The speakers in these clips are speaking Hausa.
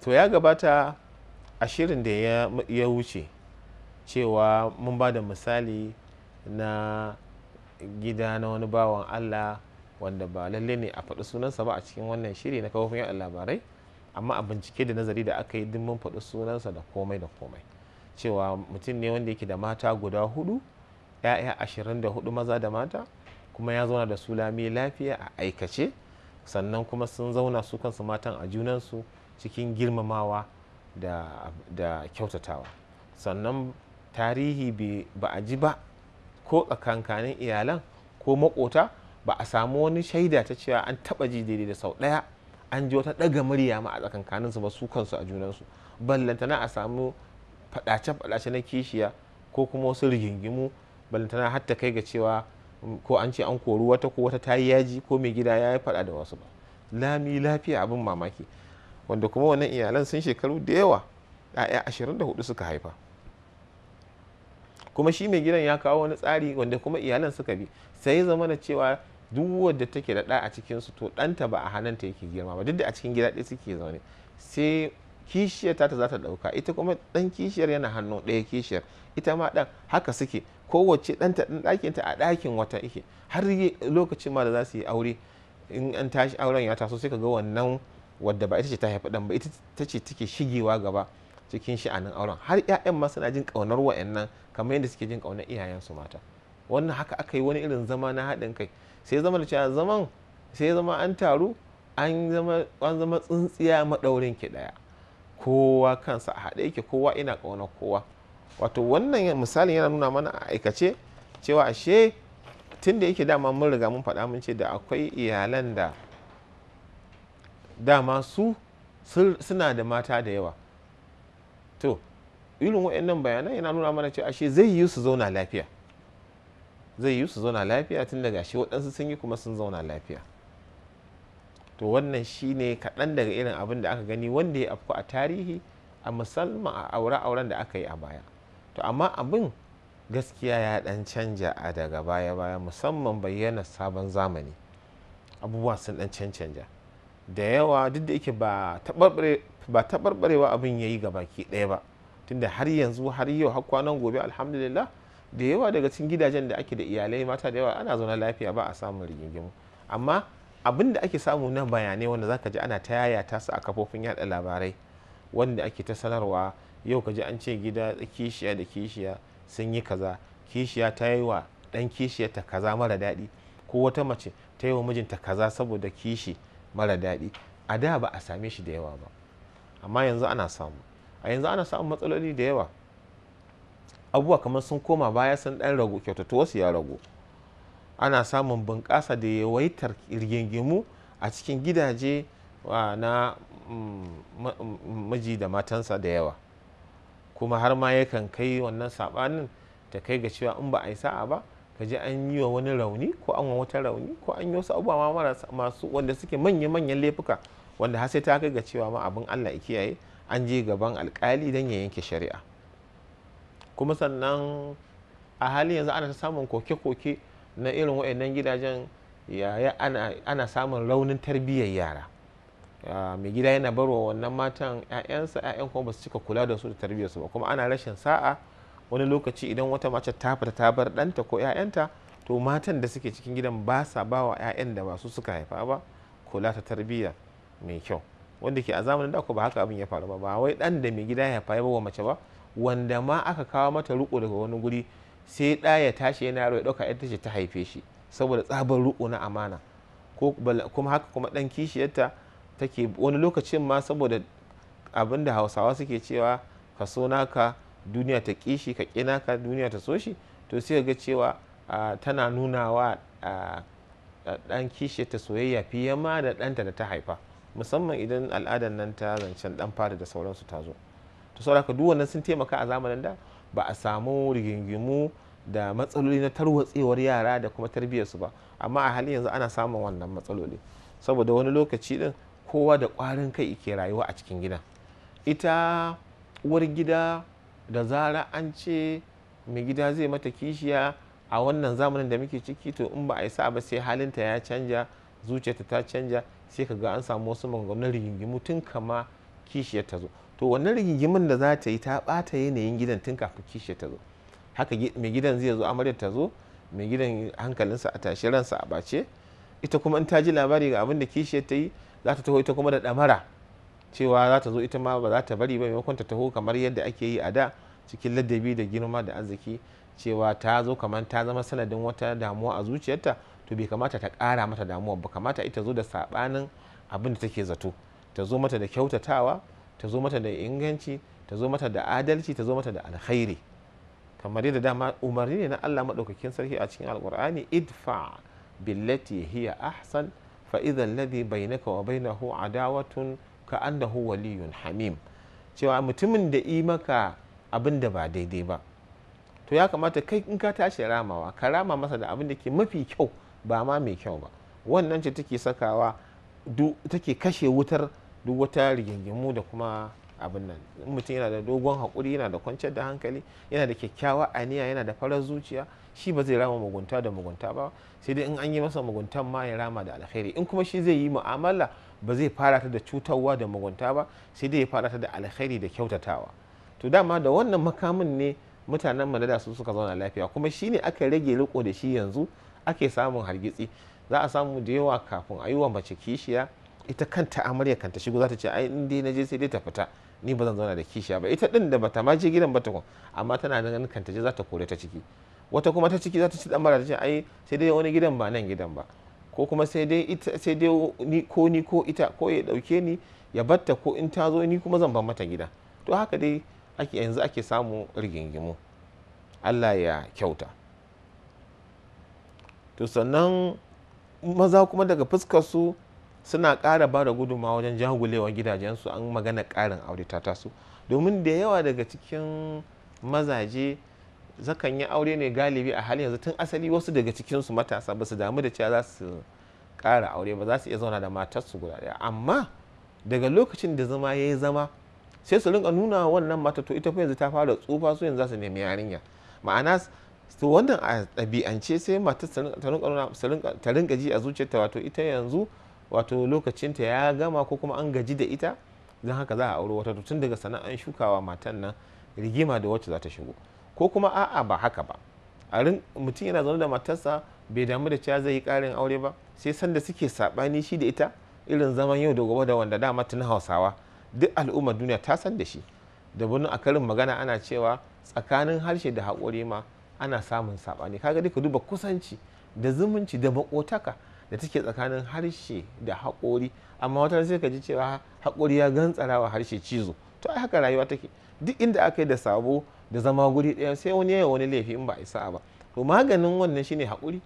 to ya gabata a shirin da ya wuce cewa mun ba da misali na gida na wani bawan Allah wanda ba lalle ne a faɗi sunansa ba a cikin wannan shiri na kafofin yaɗa labarai amma a bincike da nazari da aka yi duk mun faɗi sunansa da komai da komai cewa mutum ne wanda yake da mata guda hudu ya'ya ashirin da hudu maza da mata kuma ya zauna da su lami lafiya a aikace sannan kuma sun zauna su kansu matan a junansu cikin girmamawa da kyautatawa sannan tarihi ba a ji ba ko tsakankanin iyalan ko makota ba a samu wani shaida ta cewa an taba ji daidai da sau ɗaya an ji wata ɗaga murya ma a tsakankaninsu ba su kansu a su ballantana a samu faɗace-faɗace na kishiya ko kuma wasu rigingimu ballantana hatta kai ga cewa ko an ce an kori wata ko wata ta yi yaji ko mai gida ya yi faɗa da wasu ba lami lafiya abin mamaki wanda kuma wannan iyalan sun shekaru da yawa 'ya'ya 24 suka haifa kuma shi mai gidan ya kawo wani tsari wanda kuma iyalan suka bi sai zama na cewa duk wadda take da ɗa a cikin su to ɗanta ba a hananta yake girma ba duk da a cikin gida ɗaya suke zaune sai kishiyar ta za ta ɗauka ita kuma ɗan kishiyar yana hannu ɗaya kishiyar ita ma ɗan haka suke kowace ɗanta ɗan ɗakinta a ɗakin wata yake har lokacin ma da za su yi aure in an tashi auren ya taso sai ka ga wannan wadda ba ita ce ta haifi ɗan ba ita ta ce take shigewa gaba cikin sha'anin auren har 'ya'yan ma suna jin ƙaunar wa'annan kamar yadda suke jin ƙaunar iyayensu mata wannan haka aka yi wani irin zama na haɗin kai sai zama da cewa zaman sai zama an taru an zama tsintsiya maɗaurin ki ɗaya kowa kansa a haɗe yake kowa ina ƙauna kowa wato wannan misalin yana nuna mana a aikace cewa ashe tun da yake dama mun riga mun faɗa mun ce da akwai iyalan da dama su suna da mata da yawa to irin waɗannan bayanan yana nuna mana cewa ashe zai yi su zauna lafiya zai yi su zauna lafiya tun daga shi waɗansu sun yi kuma sun zauna lafiya to wannan shi ne kaɗan daga irin abin da aka gani wanda ya afku a tarihi a musamman a aure-auren da aka yi a baya to amma abin gaskiya ya ɗan canja a daga baya-baya musamman bayyana sabon zamani abubuwa sun ɗan cancanja da yawa duk da yake ba taɓarɓarewa abin ya yi gabaki ɗaya ba tunda har yanzu har yau har kwanan gobe alhamdulillah da yawa daga cikin gidajen da ake da iyalai mata da yawa ana zaune lafiya ba a samun rigingimu amma abin da ake samu na bayanai wanda zaka ji ana ta yaya su a kafofin yada labarai wanda ake ta sanarwa yau ka ji an ce gida kishiya da kishiya sun yi kaza kishiya ta yi wa dan kishiya ta kaza mara daɗi ko wata mace ta yi wa mijinta kaza saboda kishi mara daɗi a da ba a same shi da yawa ba amma yanzu ana samu a yanzu ana samun matsaloli da yawa abubuwa kamar sun koma baya sun ɗan ragu Kyautattu wasu ya ragu ana samun bunƙasa da yawaitar rigingimu a cikin gidaje na mm, mm, miji da matansa da yawa kuma har ma yakan kai wannan sabanin ta kai ga cewa in ba a yi sa'a ba ka ji an yi wa wani rauni ko an wani wata rauni ko an yi wasu abubuwa masu wanda suke manya-manyan laifuka wanda har sai ta kai ga cewa ma abin allah ya kiyaye an je gaban alkali don ya yanke shari'a kuma sannan a hali yanzu ana samun koke-koke na irin waɗannan gidajen yaya ana samun raunin tarbiyyar yara mai gida yana barwa wannan matan 'ya'yansa 'ya'yan kuma ba su cika kula da su da tarbiyyarsu ba kuma ana rashin sa'a wani lokaci idan wata mace ta fita ta bar ɗanta ko 'ya'yanta to matan da suke cikin gidan ba sa ba wa 'ya'yan da ba su suka haifa ba kula ta tarbiyya mai kyau wanda ke a zamanin da ba haka abin ya faru ba ba wai dan da mai gida ya haifa ba mace ba wanda ma aka kawo mata ruko daga wani guri sai ɗaya ya tashi yana yaro ya ɗauka yadda ce ta haife shi saboda tsabar ruko na amana ko kuma haka kuma ɗan kishiyarta take wani lokacin ma saboda abin da hausawa suke cewa ka so naka duniya ta kishi ka kina ka duniya ta so shi to sai ga cewa tana wa ɗan kishiyarta soyayya fiye ma da ɗanta da ta haifa musamman idan al'adar nan ta zancen dan fara da sauransu ta zo ta saboda duk sun taimaka a zamanin da ba a samu rigingimu da matsaloli na tarwatsewar yara da kuma tarbiyyarsu ba amma a halin yanzu ana samun wannan matsaloli saboda wani lokaci din kowa da kwarin kai ke rayuwa a cikin gida ita uwar gida da zara an ce mai gida zai mata kishiya a wannan zamanin da muke ciki to in ba a yi sa ba sai halinta ya canja zuciyarta ta canja sai ka ga an samu wasu maganganun rigingimu tun kama kishiyar ta zo to wannan rigingimin da za ta yi ta bata yanayin gidan tun kafin kishiyar ta zo haka mai gidan zai zo amaryar ta zo mai gidan hankalinsa a tashi ransa a bace ita kuma in ta ji labari ga abin da kishiyar ta yi za ta taho ita kuma da damara cewa za ta zo ita ma ba za ta bari ba maimakon ta taho kamar yadda ake yi a da cikin ladabi da girma da arziki cewa ta zo kamar ta zama sanadin wata damuwa a zuciyarta to bai kamata ta kara mata damuwa ba kamata ita zo da saɓanin abin da take zato ta zo mata da kyautatawa ta zo mata da inganci ta zo mata da adalci ta zo mata da alkhairi kamar yadda dama umarni ne na Allah maɗaukakin sarki a cikin alkur'ani idfa billati hiya ahsan fa idha alladhi bainaka wa bainahu adawatun ka annahu waliyun hamim cewa mutumin da yi maka abin da ba daidai ba to ya kamata kai in ka tashi ramawa ka rama masa da abin da ke mafi kyau ba ma mai kyau ba wannan ce take sakawa take kashe wutar duk wata rigingimu da kuma abin nan mutum yana da dogon haƙuri yana da kwanciyar da hankali yana da kyakkyawa aniya yana da farar zuciya shi ba zai rama mugunta da mugunta ba sai dai in an yi masa muguntan ma ya rama da alkhairi in kuma shi zai yi mu'amala ba zai fara ta da cutarwa da mugunta ba sai dai ya fara ta da alkhairi da kyautatawa to dama da wannan makamin ne mutanen da su suka zauna lafiya kuma shi ne aka rage riko da shi yanzu ake samun hargitsi za a samu da yawa kafin a yi wa mace kishiya ita kanta amarya kanta shigo za ta ce ai inda na je sai dai ta fita ni ba zan zauna da kishiya ba ita din da bata ma je gidan ba ta amma tana nan kanta je za ta kore ta ciki wata kuma ta ciki za ta ci dan mara ta ce ai sai dai wani gidan ba nan gidan ba ko kuma sai dai ita sai dai ni ko ni ko ita ko ya dauke ni ya batta ko in ta zo ni kuma zan bar mata gida to haka dai ake yanzu ake samu rigingimu Allah ya kyauta to sannan maza kuma daga fuskar su suna kara ba da gudunmawa wajen jagulewa gidajensu an magana karin aure ta taso domin da yawa daga cikin mazaje zakan yi aure ne galibi a halin yanzu tun asali wasu daga cikinsu matasa ba su damu da cewa za su ƙara aure ba za su iya zauna da matarsu guda ɗaya amma daga lokacin da zama ya yi zama sai su rinka nuna wannan mata to ita fa yanzu ta fara tsufa su yanzu za su nemi yarinya ma'ana to wannan a ɗabi'ance sai mata ta rinka ji a zuciyarta wato ita yanzu wato lokacinta ya gama ko kuma an gaji da ita don haka za a auro wata tun daga sana'an shukawa matan nan rigima da wacce za ta shigo ko kuma a'a ba haka ba a mutum yana zaune da matarsa bai damu da cewa zai yi ƙarin aure ba sai sanda suke saɓani shi da ita irin zaman yau da gobe da wanda dama tun hausawa duk al'ummar duniya ta san da shi da wani a karin magana ana cewa tsakanin harshe da haƙori ma ana samun saɓani kaga dai ka duba kusanci da zumunci da makotaka da take tsakanin harshe da haƙori amma wata sai ka ji cewa haƙori ya gantsara wa harshe cizo to ai haka rayuwa take duk inda aka yi da sabo da zama guri ɗaya sai wani yayi wani laifi in ba a isa ba to maganin wannan shine haƙuri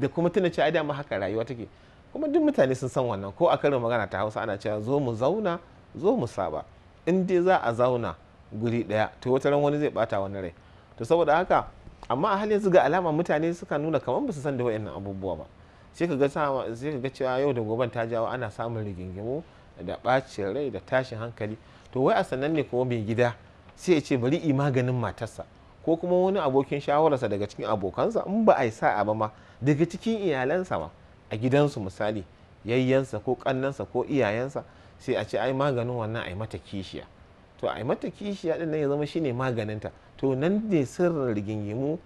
da kuma tuna cewa dama haka rayuwa take kuma duk mutane sun san wannan ko a karin magana ta hausa ana cewa zo mu zauna zo mu saba in dai za a zauna guri ɗaya to wata ran wani zai bata wani rai to saboda haka amma a halin ga alama mutane suka nuna kamar ba su san da wayannan abubuwa ba sai ka ga sai ka ga cewa yau da goben ta jawo ana samun rigingimu da bacin rai da tashin hankali to wai a sannan ne kuma mai gida sai ya ce bari i maganin matarsa ko kuma wani abokin shawararsa daga cikin abokansa in ba a yi sa'a ba ma daga cikin iyalansa ma a gidansu misali yayyansa ko kannansa ko iyayensa sai a ce ai maganin wannan ai mata kishiya to a mata kishiya din nan ya zama shine maganinta to nan ne sirrin rigingimu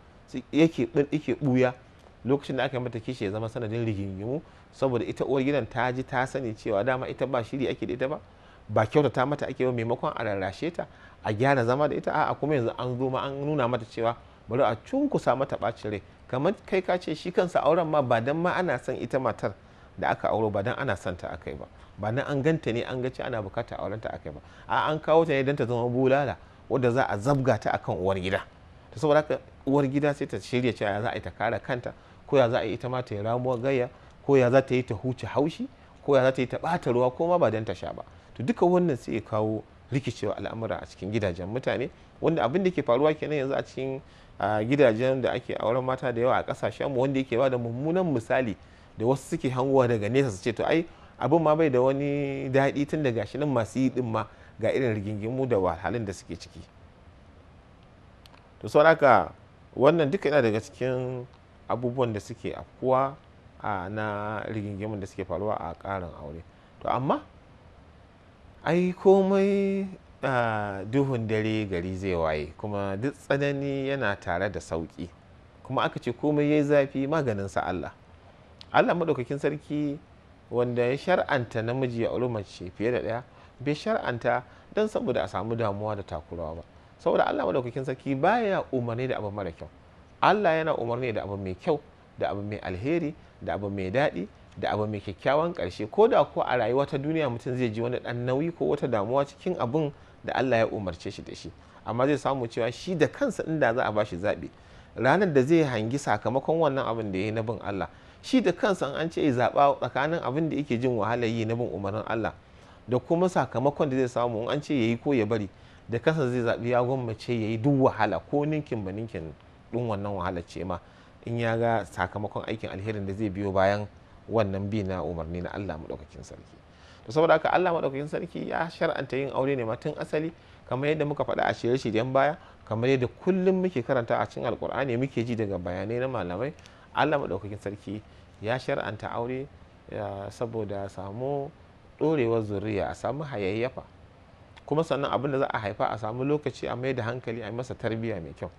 yake yake buya lokacin da aka yi mata kishi ya zama sanadin rigingimu saboda ita uwar gidan ta ji ta sani cewa dama ita ba shiri ake da ita ba ba kyauta ta mata ake ba maimakon a rarrashe ta a gyara zama da ita a kuma yanzu an zo ma an nuna mata cewa bari a cunkusa mata bacin rai kamar kai ka ce shi kansa auren ma ba dan ma ana son ita matar da aka auro ba dan ana ta akai ba ba na an ganta ne an gaci ana bukata ta akai ba a an kawo ta ne dan ta zama bulala wadda za a zabga ta akan uwar gida ta saboda haka uwar gida sai ta shirya cewa za a yi ta kare kanta ko ya za a yi ita ma ta yi ramuwa gayya ko ya za ta yi ta huce haushi ko ya za ta yi ta bata ruwa ko ma ba dan ta sha ba to duka wannan sai ya kawo rikicewa al'amura a cikin gidajen mutane wanda abin da ke faruwa kenan yanzu a cikin ah, gidajen da ake auren mata da yawa a kasashen mu wanda yake ba da mummunan misali da wasu suke hangowa daga nesa su ce to ai abin ma bai da wani daɗi tun daga shi nan masu yi ɗin ma ga irin rigingimu da wahalhalun da suke ciki to sauraka wannan duka yana daga cikin abubuwan da suke afkuwa a na rigingimun da suke faruwa a ƙarin aure to amma ai komai duhun dare gari zai waye kuma duk tsanani yana tare da sauƙi kuma aka ce komai ya yi zafi maganin sa Allah Allah maɗaukakin sarki wanda ya shar'anta namiji ya ulu mace fiye da ɗaya bai shar'anta don saboda a samu damuwa da takurawa ba saboda Allah maɗaukakin sarki baya umarni da abu mara kyau Allah yana umarni da abu mai kyau da abu mai alheri da abu mai daɗi da abu mai kyakkyawan ƙarshe ko da ko a rayuwa ta duniya mutum zai ji wani ɗan nauyi ko wata damuwa cikin abin da Allah ya umarce shi da shi amma zai samu cewa shi da kansa inda za a bashi zaɓi ranar da zai hangi sakamakon wannan abin da ya yi na bin Allah shi da kansa an ce ya zaɓa tsakanin abin da yake jin wahala yi na bin umarnin Allah da kuma sakamakon da zai samu an ce ya yi ko ya bari da kansa zai zaɓi ya gwammace ya yi duk wahala ko ninkin ba ninkin ɗin wannan wahala ce ma in ya ga sakamakon aikin alherin da zai biyo bayan wannan bi na umarni na Allah maɗaukakin sarki to saboda haka Allah maɗaukakin sarki ya shar'anta yin aure ne ma tun asali kamar yadda muka faɗa a shirye-shiryen baya kamar yadda kullum muke karanta a cikin alkur'ani muke ji daga bayanai na malamai allah maɗaukakin sarki ya shar'anta aure saboda samu ɗorewar zuriya a samu hayayyafa kuma sannan abin da za a haifa a samu lokaci a mai da hankali a masa tarbiyya mai kyau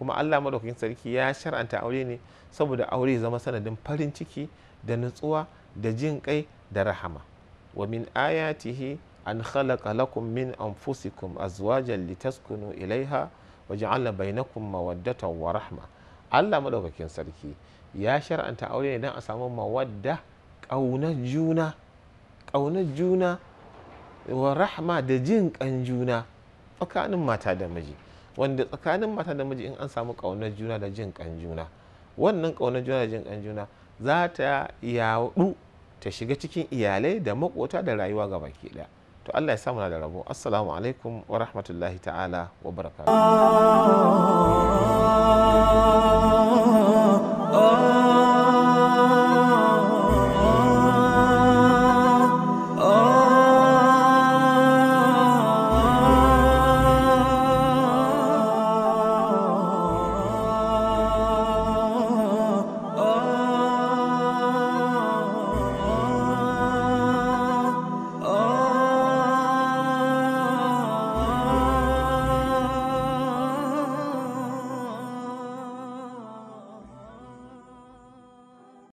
kuma allah maɗaukakin sarki ya shar'anta aure ne saboda aure zama sanadin farin ciki da nutsuwa da jin kai da rahama wa min ayatihi an khalaqa lakum min anfusikum azwajan litaskunu ilaiha Wajen waja'alna bainakum mawaddatan wa rahma Allah madaukakin sarki ya shar'anta aure ne dan a samu mawadda ƙaunar juna ƙaunar juna wa rahma da jin ƙan juna tsakanin mata da miji wanda tsakanin mata da miji in an samu ƙaunar juna da jin ƙan juna wannan ƙaunar juna da jin ƙan juna za ta yaɗu ta shiga cikin iyalai da maƙota da rayuwa gaba ɗaya to Allah ya samu na da rabo assalamu alaikum wa rahmatullahi ta'ala wa barakatuh ah, ah, ah,